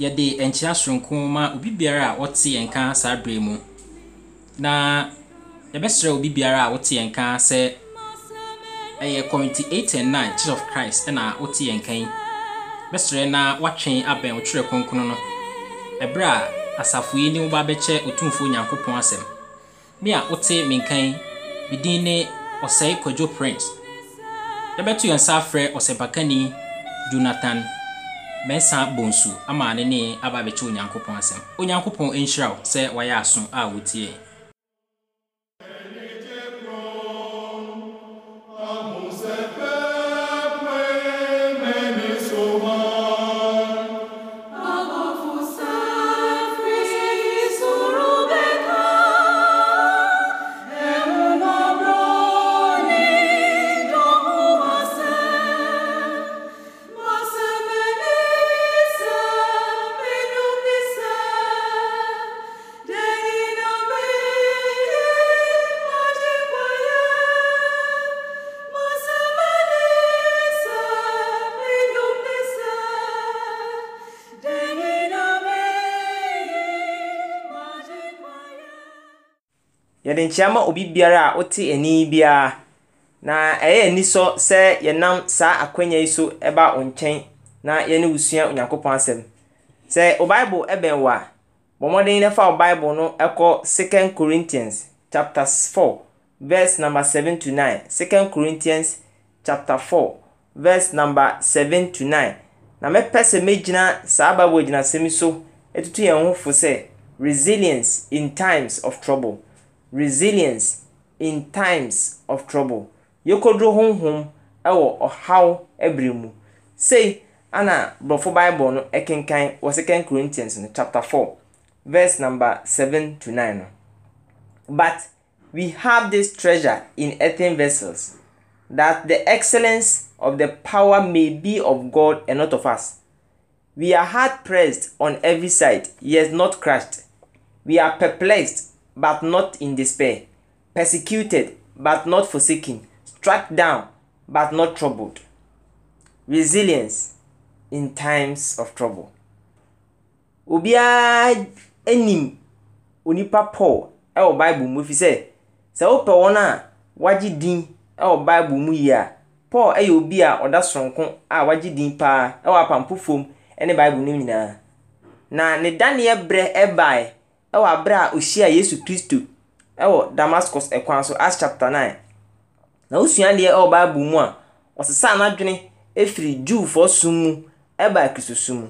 yɛde nkyea soronko ma obi biara a ɔte yɛn ka saa berɛ mu na yɛbɛsrɛ obi biara a ɔte yɛn ka sɛ ɛyɛ committee eight and nine church of christ ɛna ɔte yɛn ka yi bɛsrɛ na watwɛn abɛn ɔtwerɛ kronkron no ɛberɛ a asafo yi ne woba bɛkyɛ otumfuo nyankopɔn asɛm me a wote me nkan me din ne ɔsɛe kwadwo prince yɛbɛto yɛn nsa afrɛ ɔsɛpakani jonathan mɛsa bɔ nsu ama ne ne aba abɛkyɛ onyankopɔn asɛm onyankopɔn nhyira wo sɛ wayɛ aso a wotie yɛde nkyea ma obi biara a wote ani biara na ɛyɛ anisɔ sɛ yɛnam saa akwanya yi so ɛba wo nkyɛn na yɛne wo sua onyankopɔn asɛm sɛ wo bible ɛbɛn wo a bɔ mmɔden fa wo bible no ɛkɔ 2 corinthians chapter 4 verse number 7 to 9 2 corinthians chapter 4 verse number 7 to 9 na mɛpɛ sɛ mɛgyina saa bible gyinasɛm so ɛtutu yɛn ho fo sɛ resilience in times of trouble resilience in times of trouble yɛkɔduro honhom wɔ ɔhaw abere mu sei ana borɔfo bible no kenkan wɔ second corinthians no chapter 4 verse number 7 to 9 no but we have this treasure in earthen vessels that the excellence of the power may be of god and not of us we are hard pressed on every side yet not crushed we are perplexed but not in despair, persecuted, but not forsaken, struck down, but not troubled. Resilience in times of trouble. obiara enim, onipa paul ɛwɔ e bible mu fi sɛ sɛ wopɛ wɔn a wagye din ɛwɔ e bible mu yie paul ɛyɛ e obi a ɔda soronko a wagye din paa ɛwɔ apampo fam ɛne bible no nyinaa na ne daneɛ berɛ ɛbaeɛ wɔ abere a ohyia yesu kristo wɔ damascus kwan so as chapter 9 na osuadeɛ wɔ bible mu a ɔsesa n'adwene efiri juufoɔ sum mu baa kristo som mu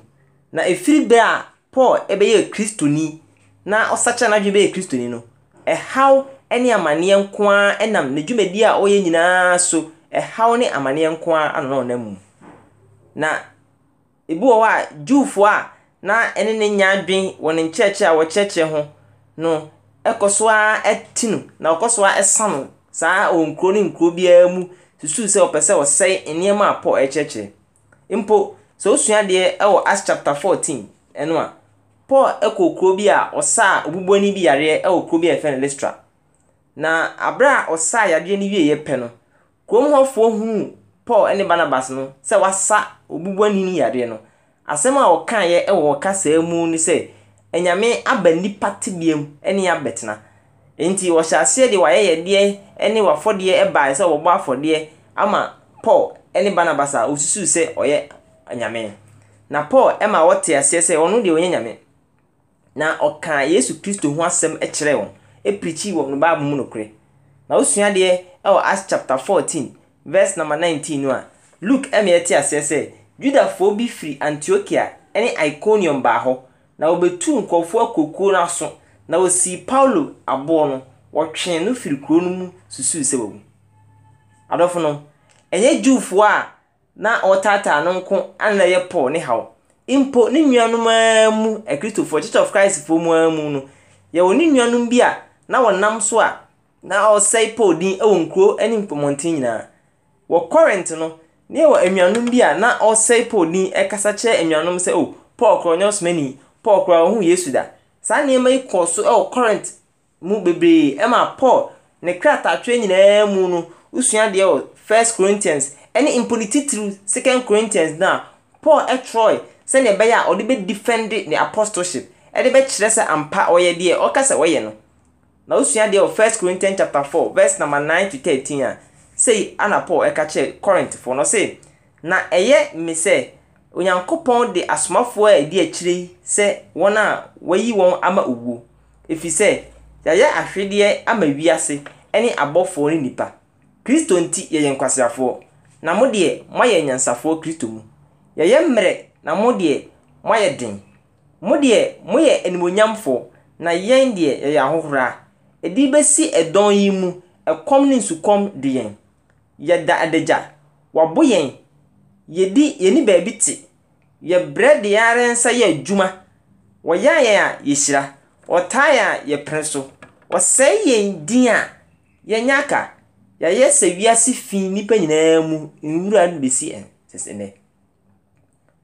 na efiri bere a paul bɛyɛ kristoni na ɔsakyɛ n'adwene bɛyɛ kristoni no ɛhaw ne amanneɛ nko ara nam ne dwumadi a ɔyɛ nyinaa so ɛhaw ne amanneɛ nko ara na ɔnam mu na ebi wɔ hɔ a juufoɔ a na ɛne ne nya adwen wɔ ne nkyerɛkyerɛ a wɔkyerɛkyerɛ ho no ɛkɔ so na ɔkɔ so ɛsa no saa wɔ nkuro ne nkuro biara mu susu sɛ ɔpɛ sɛ ɔsɛe nneɛma a pɔ ɛkyerɛkyerɛ mpo sɛ osua deɛ ɛwɔ chapter ɛno a pɔl ɛkɔ kuro bi a obubuani bi yareɛ ɛwɔ kuro bi a yɛfɛ no listra na abere a ɔsaa yadeɛ asɛm a ɔkaeɛ wɔ ɔkasaa mu ne sɛ anyame aba nnipa tebea mu ne abɛtena nti wɔhyɛ aseɛ wayɛ wayɛyɛdeɛ ne wafɔdeɛ baeɛ sɛ wɔbɔ afɔdeɛ ama paul ne barnabas a osusuu sɛ ɔyɛ nyame na paul ma wɔte aseɛ sɛ ɔno deɛ ɔnyɛ nyame na ɔka yesu kristo ho asɛm kyerɛɛ wɔn ɛpirikyi wɔ no bible mu nokorɛ na wosua deɛ wɔ acts chapter 14 verse number 19 no a luke ma yɛte aseɛ sɛ Yudafoɔ bi firi Antiokia ne Ikoniom baa hɔ, na wobetuu nkurɔfo akuokuo no aso, na Paulo aboɔ no, wɔtwee no firi kuro no mu susuu sɛ Adɔfo no, ɛnyɛ a na wɔtaataa no nko na Paul ne haw. Mpo ne nuanom ara mu Akristofoɔ Church of Christ mu ara a na wɔnam so a na wɔresɛe Paul din wɔ nkuro ne nyinaa. Wɔ no, na yɛwɔ bi a na ɔsɛe paul ɛkasa kyerɛ anuanom sɛ o oh, paul korɔ nyɛ ɔsomani paul korɔ ɔho yesu da saa nneɛma yi kɔɔ so wɔ current mu bebree ɛma paul ne kratatwerɛ nyinaa mu no wosua deɛ wɔ first corinthians mponi second corinthians na paul twerɛe sɛnea ɛbɛyɛ a ɔde bɛdefend ne apostleship ɛde kyerɛ sɛ ampa ɔyɛ deɛ ɔka ɔyɛ no na sei ana paul ɛka kyerɛ kɔrintfoɔ no se na ɛyɛ me sɛ onyankopɔn de asomafoɔ a ɛdi akyire yi sɛ wɔn a wɔayi wɔn ama owuo ɛfiri sɛ yɛayɛ ahwedeɛ ama wiase ne abɔfoɔ ne nipa kristo nti yɛyɛ nkwasiafoɔ na mo deɛ moayɛ nyansafoɔ kristo mu yɛyɛ mmerɛ na mo deɛ moayɛ den mo deɛ moyɛ animonyamfoɔ na yɛn deɛ yɛyɛ ahohora ɛde bɛsi ɛdɔn yi mu ɛkɔm ne nsukɔm de yɛn yɛda adagya wɔbo yɛn yɛdi yɛni baabi te yɛbrɛ deɛ ara nsa yɛ adwuma wɔyɛ yɛn a yɛhyira wɔtaa yɛn a yɛpere so wɔsɛe yɛn din a yɛnyɛ aka yɛayɛ sɛ wiase fi nnipa nyinaa mu nwura no bɛsi sɛsɛ nɛ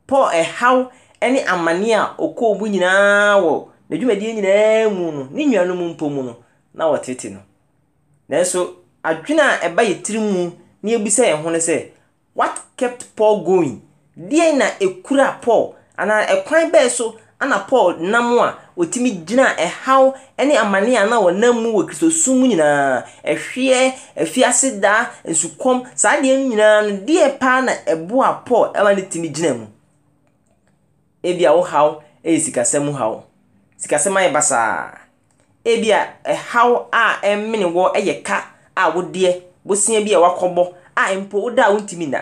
paul ɛhaw ne amane a ɔkɔɔ mu nyinaa wɔ n'adwumadie nyinaa mu no ne nuanom mpo mu no na wɔtete no nanso adwene a ɛba yɛ tiri mu na yɛbisa yɛn ho no sɛ what kept paul going deɛ na ɛkura paul anaa ɛkwan bɛɛ so ana paul nam a ɔtumi gyina ɛhaw ne amane a na wɔnam mu wɔ kristosum nyinaa ɛhweɛ afiase daa nsukɔm saa deɛ no nyinaa no deɛ paa na ɛboa paul ɛma no tumi gyina mu ebi a wohaw ɛyɛ sikasɛm haw sikasɛm ayɛ basaa ebi a ɛhaw a ɛmene wɔ ɛyɛ ka a wodeɛ bosia bi a wakɔbɔ a mpo wo da a wontumi na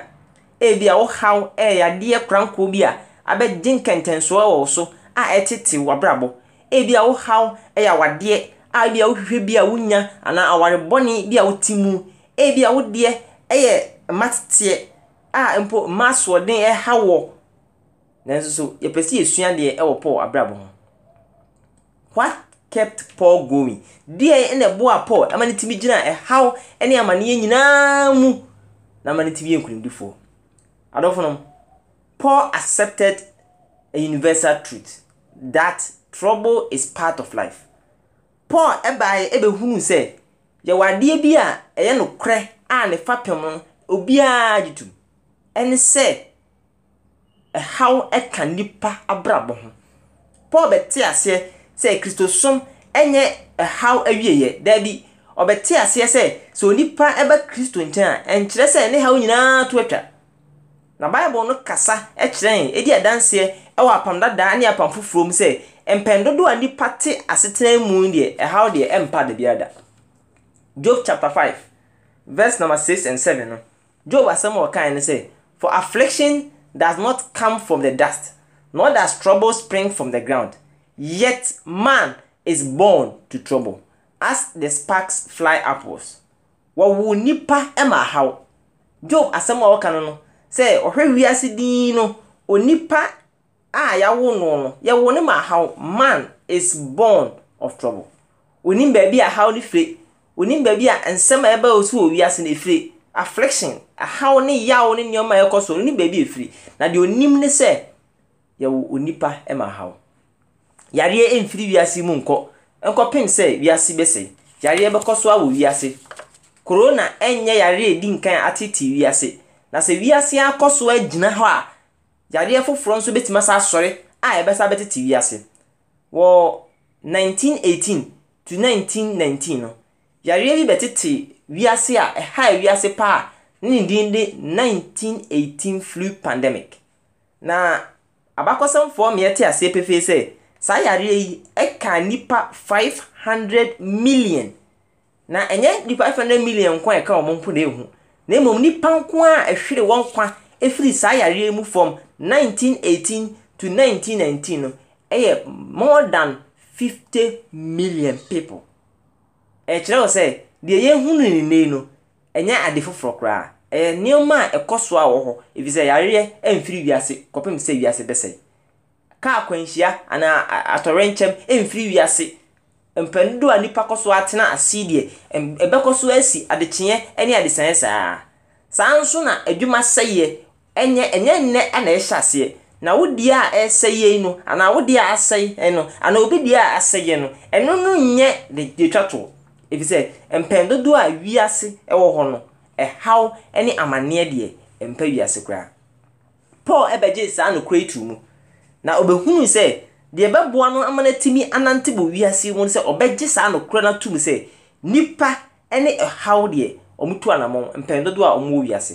ebi a wohaw ɛyɛ adeɛ korankoɔ bi a abɛgye nkɛntɛnsoɔ wɔ wo so a ɛtete w'abrabɔ ebi a wohaw ɛyɛ awadeɛ a ebi a wohwehwɛ bi a wonya anaa awarebɔne bi a wote mu ebi a wodeɛ ɛyɛ mma teteɛ a mpo mma asoɔden ɛha wɔ nanso so yɛpɛ sɛ yɛsua deɛ ɛwɔ pɔw abrabɔ ho what kept Paul going. Deɛ ɛna ɛboa Paul ama ne tumi gyina ɛhaw ɛne amaneɛ nyinaa mu na ama ne tumi yɛ nkunimdifoɔ. Adɔfo nom, Paul accepted a universal truth that trouble is part of life. Paul ɛbaeɛ ɛbɛhunu sɛ yɛwɔ adeɛ bi a ɛyɛ nokorɛ a ne fapem no obiara gye tom ɛne sɛ ɛhaw ɛka nipa abrabɔ ho. Paul bɛte aseɛ sɛ kristosom nyɛ ɛhaw awieeɛ daabi ɔbɛte aseɛ sɛ sɛ onipa ɛba kristo nkyɛn a ɛnkyerɛ sɛ ne haw nyinaa to atwa na bible no kasa kyerɛn ɛdi adanseɛ ɛwɔ apam dadaa ne apam foforɔ mu sɛ mpɛn dodoɔ a nipa te asetena mu deɛ ɛhaw deɛ ɛmpa da biara da job chapter five verse number six and seven no job asɛm a ɔkae no sɛ for affliction does not come from the dust nor does trouble spring from the ground Yet man is born to trouble as the sparks fly upwards. Wɔwo nipa ma haw. Job asɛm a ɔka no no sɛ ɔhwɛ wiase din no onipa a yɛawo no no yɛwo ne ma haw man is born of trouble. Onim baabi a haw no firi. Onim baabi a nsɛm a ɛbɛyɛ so wɔ wiase no firi. Affliction, ahaw ne yaw ne nneɛma a ɛkɔ so onim baabi efiri. Na deɛ onim ne sɛ yɛwo onipa ma haw yareɛ mfiri wiase mu nkɔ nkɔpem sɛ wiase bɛsɛ yareɛ bɛkɔ so awɔ wiase korona nyɛ yareɛ di nkan atete wiase na sɛ wiase akɔ so agyina hɔ a yareɛ foforɔ nso bɛtumi asa asɔre a ɛbɛsa bɛtete wiase wɔ 1918 to 1919 no yareɛ bi bɛtete wiase a ɛhaa wiase paa ne ne din de 1918 flu pandemic na abakɔsɛmfoɔ mmeɛ te aseɛ pefee sɛ saa yareɛ yi ka nipa hundred million na ɛnyɛ nipa 500 million nko a ɛka wɔn mpo na ehu na mmom nipa nko a ɛhwere wɔn kwa efiri saa yareɛ mu nineteen eighteen to nineteen no ɛyɛ more than fifty million people ɛkyerɛ wɔ sɛ deɛ yɛhunu nene no ɛnyɛ ade foforɔ koraa ɛyɛ nneɛma a ɛkɔ so a wɔ hɔ efisɛ yareɛ mfiri wiase kɔpem sɛ wiase bɛsɛe kaa akwanhyia anaa atɔre nkyɛm mfiri wiase mpɛn dodoɔ a nipa kɔ so atena ase deɛ ɛbɛkɔ so asi adekyeɛ ne adesaeɛ saa saa nso na adwuma sɛyɛ ɛnyɛ ɛnyɛ nnɛ na ɛhyɛ aseɛ na wo deɛ a ɛsɛyɛ no anaa wo deɛ a asɛe no anaa obi die a asɛyɛ no ɛno no nyɛ de twa toɔ efisɛ mpɛn dodoɔ a wiase ɛwɔ hɔ no ɛhaw ɛne amanneɛ deɛ mpa wiase koraa paul ɛbɛgye saa nokorɛ yi tu mu na obɛhunu sɛ deɛ ɛbɛboa no ama no atumi anante bɔ wiase mu no sɛ ɔbɛgye saa nokorɛ no atom sɛ nnipa ne ɛhaw deɛ ɔmotu anammɔn mpɛn dodoɔ a ɔmowɔ wiase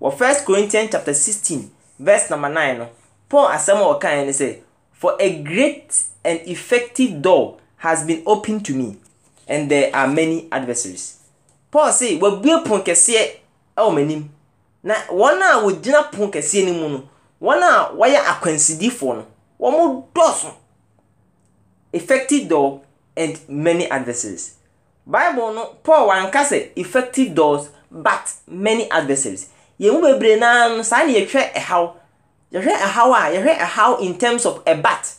wɔ 1 corinthians chapter 16 verse number 9 no paul asɛm a ɔkaeɛ ne sɛ for a great and effective door has been opened to me and there are many adversaries paul se wabue pon kɛseɛ wɔ m'anim na wɔn a wɔgyina pon kɛseɛ no mu no wɔn a wɔyɛ akwansidifoɔ no wɔn mo dɔɔso effective door and many adversaries bible no paul wanka sɛ effective doors but many adversaries yɛn mu bebree naa no saa na yɛhwɛ ɛhaw yɛhwɛ ɛhaw a yɛhwɛ ɛhaw in terms of a bat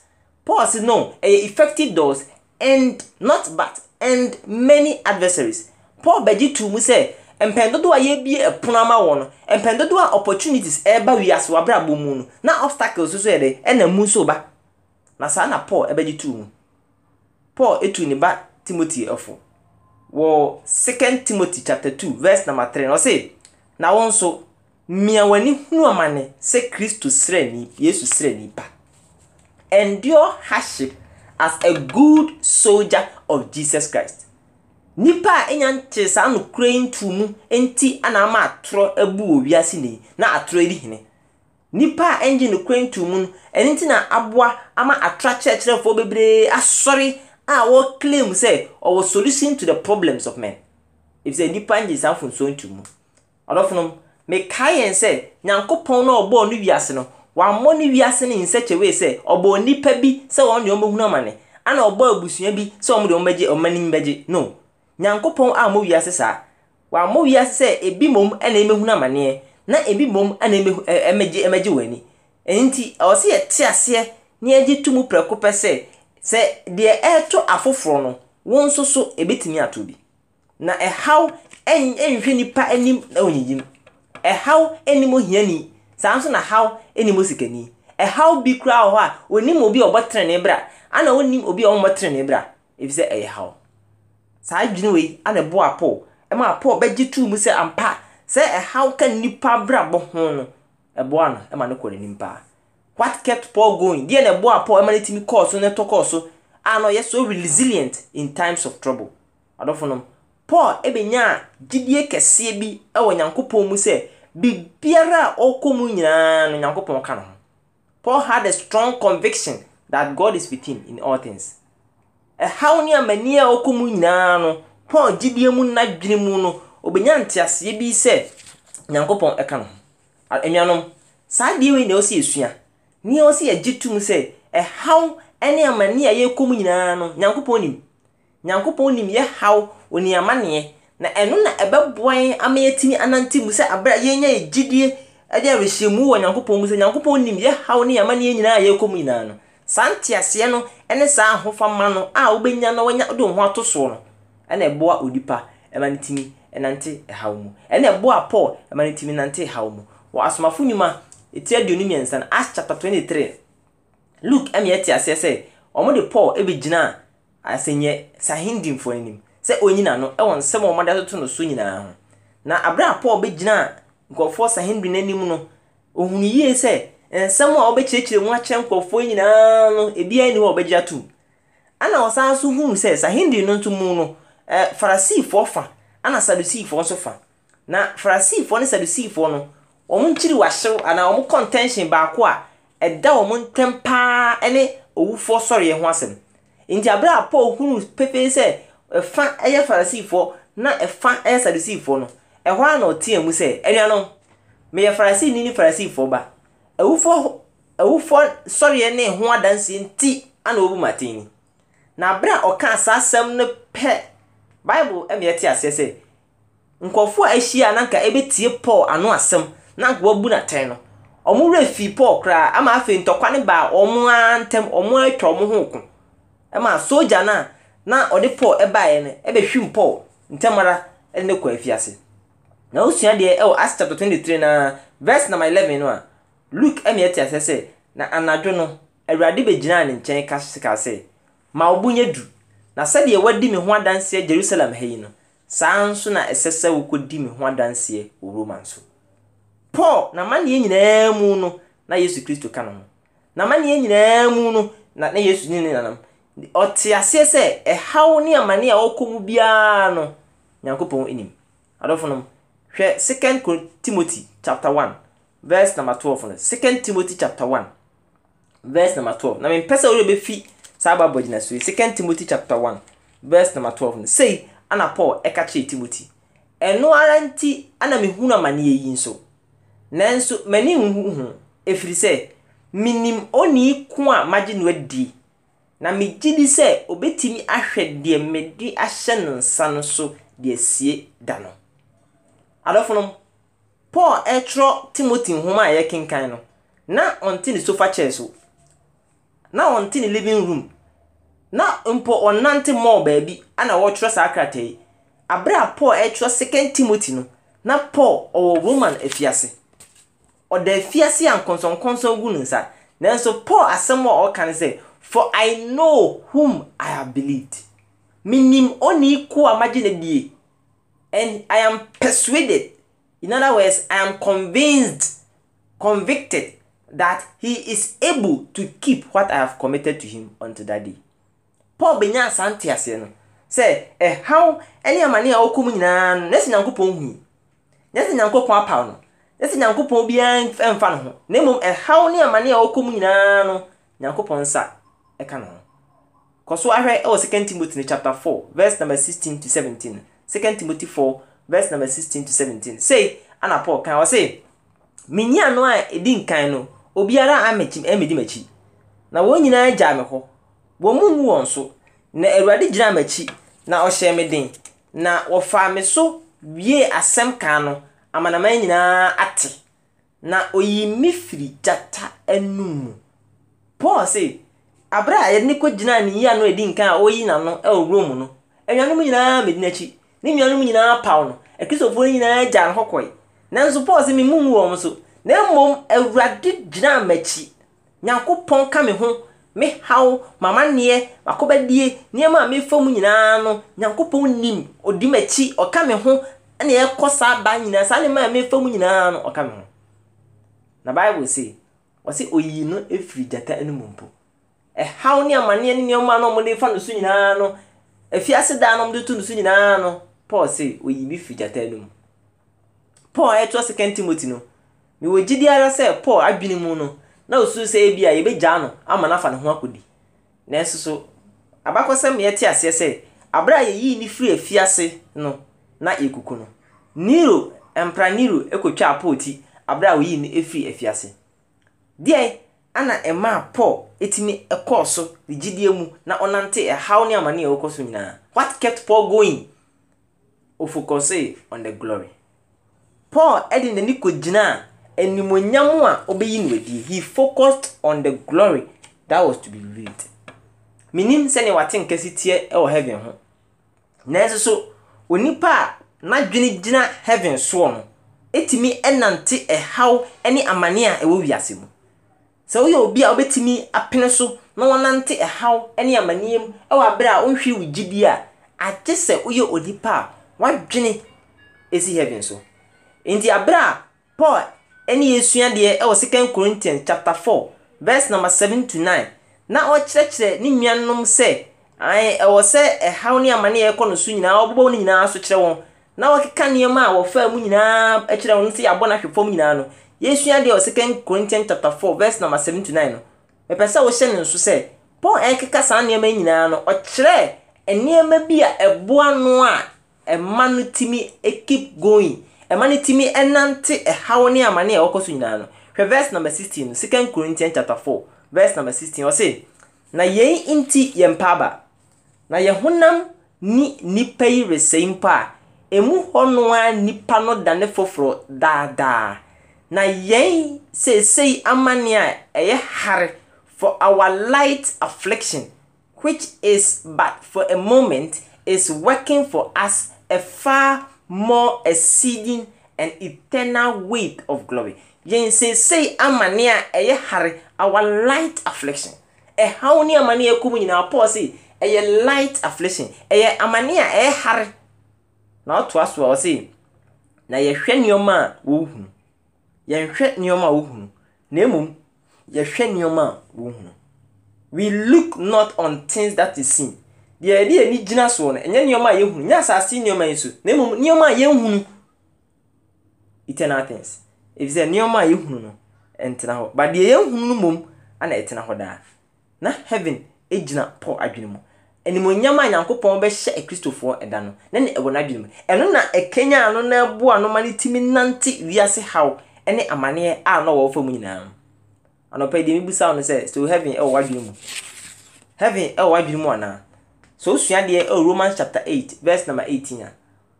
paul si no ɛyɛ effective doors and not bat and many adversaries paul bɛgye tu mu sɛ mpɛn dodoɔ a yɛbie pono ama wɔn no mpɛn dodoɔ a opportunities ɛreba wiase wabrabɔ mu no na obstacles nso yɛ de ɛna e mu nso ba na saa na paul ɛbɛgye e tuu mu paul etu ne ba timothy ɛfo wɔ second timothy chapter two verse number three na ɔse na wɔn nso mmea wɔn ani hunu amane sɛ kristo srɛni yesu srɛni ba endure hardship as a good soldier of jesus christ. nipa a ɛnya nkyere saa nokora yi nto mu nti ana ama atorɔ ebu wɔ wiase ni na atorɔ adi hene nnipa a ɛngye nokora nto mu no ɛno nti na aboa ama atorɔ akyerɛkyerɛfoɔ bebree asɔre a wɔreclaim sɛ ɔwɔ solution to the problems of men efisɛ nipa ngye saa mfonsuo nto mu ɔdɔfonom mekae yɛn sɛ nyankopɔn no a ɔbɔɔ no wiase no wammɔ no wiase no nsɛkyɛwee sɛ ɔbɔɔ nnipa bi sɛ wɔn deɛ ɔmbɛhunu amane ana ɔbɔɔ abusua bi sɛ ɔmo deɛ ɔmbɛgye ɔma no mbɛgye nyankopɔn a ɔma wiase saa wɔama wiase sɛ ebi mmom na ɛmɛhunu amaneɛ na ebi mmom na ɛmɛgye ɛmɛgye wɔn ani nti ɔsɛ yɛte aseɛ na yɛgye to mu prɛko pɛ sɛ sɛ deɛ ɛreto afoforɔ no wɔn nso so ebetumi ato bi na ɛhaw ɛnhwɛ nipa anim na onyiyim ɛhaw anim ohiani saa nso na haw anim osikani ɛhaw bi kura wɔ hɔ a onim obi a ɔbɔ tene ne bra ana onim obi a ɔmmɔ tene ne bra ebi ɛyɛ haw saa adwene wei ana ɛbɔ Paul, ɛma Paul, bɛgye tuu mu sɛ ampa sɛ ɛhaw ka nipa abrabɔ ho no ɛboa no ɛma no kɔ n'anim paa what kept paul going deɛ na ɛboa paul ɛma no tumi kɔɔ so ne tɔ kɔɔ so a na ɔyɛ so resilient in times of trouble adɔfo nom paul ɛbɛnyaa gyidie kɛseɛ bi ɛwɔ nyankopɔn mu sɛ biribiara a ɔkɔ mu nyinaa no nyankopɔn ka ne ho paul had a strong conviction that god is with him in all things ɛhaw ne amani a ɔkɔ mu nyinaa no paul gyidie mu n'adwene mu no obenya nteaseɛ bi sɛ nyankopɔn ɛka no anuanom saa deɛ wei na ɔsi esua nea ɔsi agye tum sɛ ɛhaw ɛne amani a yɛkɔ mu nyinaa no nyankopɔn nim nyankopɔn nim yɛ haw oniamaneɛ na ɛno na ɛbɛboa yɛn ama yɛtumi anante mu sɛ abera yɛnya yɛ gyidie ɛde arehyɛmu wɔ nyankopɔn mu sɛ nyankopɔn nim yɛ haw ne yɛ amanneɛ nyinaa a yɛkɔ mu nyinaa no saa nteaseɛ no ne saa ahofama no a wobɛnya na wanya wode ho ato soɔ no ɛna ɛboa onipa ɛma no tumi nante mu ɛna ɛboa paul ɛma no tumi nante haw mu wɔ asomafo nnwuma ɛti aduonu mmiɛnsa no chapter 23 luke ɛma ɛte aseɛ sɛ wɔde paul ɛbɛgyina asɛnyɛ sahindimfoɔ anim sɛ no ɛwɔ nsɛm a atoto no so nyinaa na a paul nkurɔfoɔ nsɛm eh, a ɔbɛkyerɛkyerɛ mu akyerɛ nkurɔfoɔ nyinaa no ebiara ni hɔ ɔbɛgya to ɛna ɔsan so huu sɛ sahindi no nto mu no eh, farasiifoɔ fa ɛna sadusiifoɔ nso fa na farasiifoɔ ne sadusiifoɔ no wɔn nkyiri wahyew anaa wɔn kɔntɛnhyɛn baako a ɛda wɔn ntɛm paa ɛne owufoɔ sɔreɛ ho asɛm nti abere a paul huu pefee sɛ ɛfa yɛ farasiifoɔ na ɛfa yɛ sadusiifoɔ no ɛhɔ a na ɔteɛ mu sɛ ɛnuanom meyɛ farasii ne farasiifoɔ ba awufo awufo sɔreɛ ne ho adanseɛ nti ana obu ni na abere ɔka saa asɛm no pɛ bible ɛna aseɛ sɛ a ahyia nanka tie paul ano asɛm na nka wɔbu n'atɛn no wɔn werɛ fi paul koraa ama afei ntɔkwa ne baa wɔn ara atwa ho ko ɛma na ɔde paul ɛbaeɛ no paul ntɛm luke ɛna ɛte ase sɛ na anadwo no awurade bɛgyinaa ne nkyɛn kasika sɛ ma wo bo nyɛ du na sɛdeɛ wadi me ho adanseɛ jerusalem ha yi no saa nso na ɛsɛ sɛ wokɔdi me ho adanseɛ wɔ roma nso paul n'amanneɛ nyinaa mu no na yesu kristo ka na ho n'amanneɛ nyinaa mu no na na yesu ne ne nanam ɔte aseɛ sɛ ɛhaw ne amane a ɔkɔ mu biara no nyankopɔn anim adɔfo nom hwɛ second timothy chapter 1. verse number twelve no second timothy chapter one verse number twelve na mepɛ sɛ wɔde bɛfi saa bible gyina so yi second timothy chapter one verse number twelve no sei ana paul ɛka kyerɛ timothy ɛno ara nti ana mehunu amanneɛ yi nso nanso m'ani nhu ho ɛfiri sɛ menim onii ko a magye no adie na megye di sɛ obɛtumi ahwɛ deɛ mede ahyɛ ne nsa no so deɛ sie da no adɔfo no paul ɛtwerɛ timothy nhoma a yɛkenkan no na ɔnte ne sofa chair so na ɔnte ne living room na mpo ɔnante mall baabi ana wɔtwerɛ saa krataa yi abere a paul ɛtwerɛ second timothy no na paul ɔwɔ roman afiase ɔda afiase a nkɔnsɔnkɔnsɔn gu ne nsa nanso paul asɛm a ɔka ne sɛ for i know whom i have believed menim ɔne ko a magye no die and i am persuaded In other words, I am convinced, convicted that he is able to keep what I have committed to him until that day. Paul benya asante ase no sɛ ɛhaw eh, ne amane a wɔkɔ mu nyinaa no na sɛ nyankopɔn hu na sɛ nyankopɔn apaw no na sɛ nyankopɔn biara mfa no ho na mmom ɛhaw eh, ne amane a wɔkɔ mu nyinaa no nyankopɔn nsa ɛka no ho kɔ so ahwɛ ɛwɔ 2 timothy chapter 4 verse number 16 to 17 2 timothy 4 verse number 16 to 17 sei ana paul kan ɔse menyia no a ɛdi nkan no obiara amedi m'akyi na wɔn nyinaa gyaa me hɔ wɔn mu nwu wɔn so na awurade gyina m'akyi na ɔhyɛ me den na wɔfaa me so wie asɛm kan no amanaman nyinaa ate na oyi me firi gyata anum mu paul se abere a yɛde ne kɔ gyinaa ne yia no edi nkan a ɔreyi n'ano ɛwɔ wura mu no anuanom nyinaa medi n'akyi ne nuanom nyinaa paw no akristofoɔ nyinaa gya no hɔ kɔe nanso paul sɛ memmu ngu wɔn so na mmom awurade gyinaa m'akyi nyankopɔn ka me ho me haw mamanneɛ makɔbadie nneɛma a mefa mu nyinaa no nyankopɔn nim ɔdi m'akyi ɔka me ho ɛna ɛkɔ saa ba nyinaa saa nneɛma a mefa mu nyinaa no ɔka me ho na bible se ɔse oyi no ɛfiri gyata anim mpo ɛhaw ne amanneɛ ne nneɛma no ɔmode fa no so nyinaa no afiase daa no ɔmode to no so nyinaa no paul se oyi bi fi gyata no mu paul ɛtoa second timothy no mewɔ gyidi ara sɛ paul adwene mu no na osuo sɛ ebi a yɛbɛgyaa no ama n'afa ne ho akɔdi nanso so abakɔsɛm yɛte aseɛ sɛ abere a yɛyii ne firi afiase no na yɛkuku no nero mpra nero e a pɔl ti abere a oyii no e firi afiase deɛ ana ɛmaa pɔl etimi ɛkɔɔ so ne gyidie mu na ɔnante ɛhaw ne amane a ɛwɔkɔ so nyinaa what kept pɔl going ofocusee on the glory paul de n'ani kɔgyinaa animonyam a ɔbɛyi no adi he focused on the glory that was to be revealed menim sɛnea wate nkɛse oh, teɛ wɔ heaven ho nanso so onipa a n'adwene gyina heaven soɔ no ɛtumi nante ɛhaw ne amane a ɛwɔ wiase mu sɛ woyɛ obi a wobɛtumi apene so na wɔnante ɛhaw ne amaneɛ mu wɔ aberɛ a wonhwere wo gyidie a agye sɛ woyɛ onipa a wadwene ɛsi heaven so nti aberɛ a paul ne yɛsua deɛ ɛwɔ second corinthians chapter 4 verse number 7 to 9 na ɔkyerɛkyerɛ ne nuanom sɛ ɛwɔ sɛ ɛhaw ne amaneɛ ɛkɔ no so nyinaa ɔbɔbɔ no nyinaa so kyerɛ wɔn na wɔkeka nneɛma a wɔfaa mu nyinaa kyerɛ wɔn sɛ yɛabɔ no nyinaa no yɛsua deɛ ɔ corinthians chapter verse number to sɛ wohyɛ mma no tumi keep going mma no tumi nante haw ne amane a ɛwɔkɔ so nyinaa no hwɛ verse number sixteen second corinthians chapter four verse number sixteen ɔse na yɛn nti yɛn mpaaba na yɛn honam ni nipa yi resɛn mpo a emu hɔ noa nipa no dane foforɔ daadaa na yɛn seesei amane a ɛyɛ hare for our light affliction which is but for a moment is working for us a far more exceeding and eternal weight of glory. Yɛn seesei amane a ɛyɛ hare our light affliction. Ɛhaw ne amane a ɛkɔ mu nyinaa Paul se ɛyɛ light affliction. Ɛyɛ amane a ɛyɛ hare. Na ɔtoa so a ɔse na yɛhwɛ nneɛma a wɔhunu. Yɛnhwɛ nneɛma a wɔhunu. Na mmom yɛhwɛ nneɛma a wɔhunu. We look not on things that is seen. deɛ yɛde yɛni gyina soɔ no ɛnyɛ nneɛma a yɛhunu nyɛ asase nneɛma yi so na mmom nneɛma a yɛnhunu eternal things efisɛ nneɛma a yɛhunu no ɛntena hɔ ba deɛ yɛnhunu no mmom ana ɛtena hɔ daa na heaven gyina paul adwene mu animonyam a nyankopɔn bɛhyɛ akristofoɔ ɛda no na ne ɛwɔ n'adwene mu ɛno na ɛkanya ano na ɛboa no ne tumi nante wiase haw ɛne amaneɛ a na ɔwɔ fam nyinaa anɔpɛ deɛ mebusa no sɛ so heaven ɛwɔ w'adwene mu heaven ɛwɔ w'adwene mu anaa so osua deɛ ɛwɔ oh, romans chapter eight verse number eighteen ah. a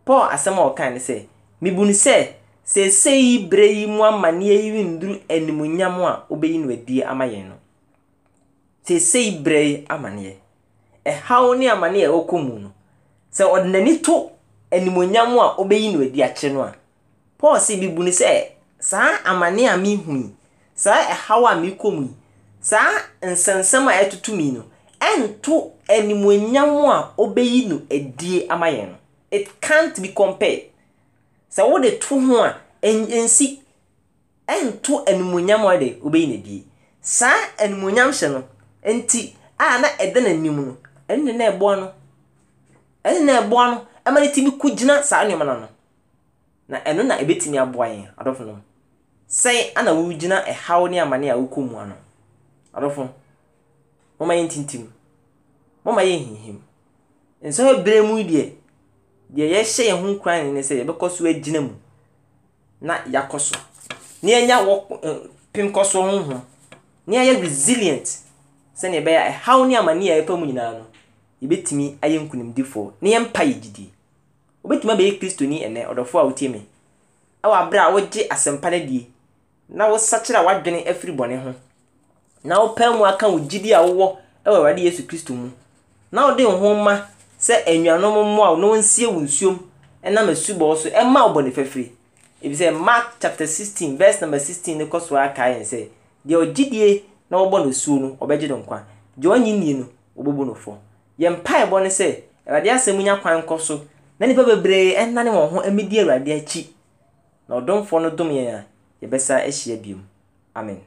paul asɛm a ɔkan ne sɛ mibu ne sɛ seesei yi bere yi mu amanneɛ yi nduru animuonyam a obɛyi no adie ama yɛn no seesei yi bere yi amanneɛ ɛhaw ne amanneɛ a ɛwɔ mu no sɛ ɔde n'ani to animuonyam a obɛyi no adi akyerɛ no a paul sɛ mibu ne sɛ saa amanneɛ a mihu yi saa ɛhaw a mikɔ mu yi saa nsɛnsɛm a ɛtutu mi no. ɛnto animuonyam a ɔbɛyi no adie ama yɛn it can't be compared sɛ wode to ho a nsi ɛnto animuonyam a de ɔbɛyi no adie saa animuonyam hyɛ no nti a na ɛda n'anim no ɛne na ɛboa no Ɛne na ɛboa no ɛma ne tumi ko gyina saa nneɛma no no na ɛno na ɛbɛtumi aboa yɛn adɔfo no sɛn ana wogyina ɛhaw ne amane a wokɔ mu ano adɔfo moma yɛ ntintim moma yɛ nhihim nsɔhwɛ berɛ mu deɛ deɛ yɛhyɛ yɛn ho nkran ne sɛ yɛbɛkɔ so agyina mu na yɛakɔ so na yɛnya wɔ eh, pem kɔ so honhom na yɛyɛ resilient sɛnea ɛbɛyɛ ɛhaw ne amani a yɛpa mu nyinaa no yɛbɛtumi ayɛ nkonimdifoɔ na yɛmpa yɛ gyidie wobɛtumi abɛyɛ kristoni ɛnɛ ɔdɔfoɔ a wotie me ɛwɔ abere a wogye asɛmpa no die na wosakyere a woadwene afiri bɔne ho na wopɛ mu aka wo gyidi a wowɔ wɔ awurade yesu kristo mu na wode wo ma sɛ anuanom mmoa a na wɔnsie wo nsuom ɛnam asubɔɔ so ɛma wo bɔne fɛfiri ebisɛ mark chapter sixteen so aka yɛn sɛ deɛ ɔgyidie na wɔbɔ no suo no ɔbɛgye no nkwa deɛ ɔnyi nie no no fɔ yɛn mpaebɔ ne sɛ awurade asɛm nya kwan kɔ so na nipa bebree ɛnane wɔn ho ɛmɛ awurade akyi na ɔdomfoɔ no dom yɛn a yɛbɛsa ahyia biom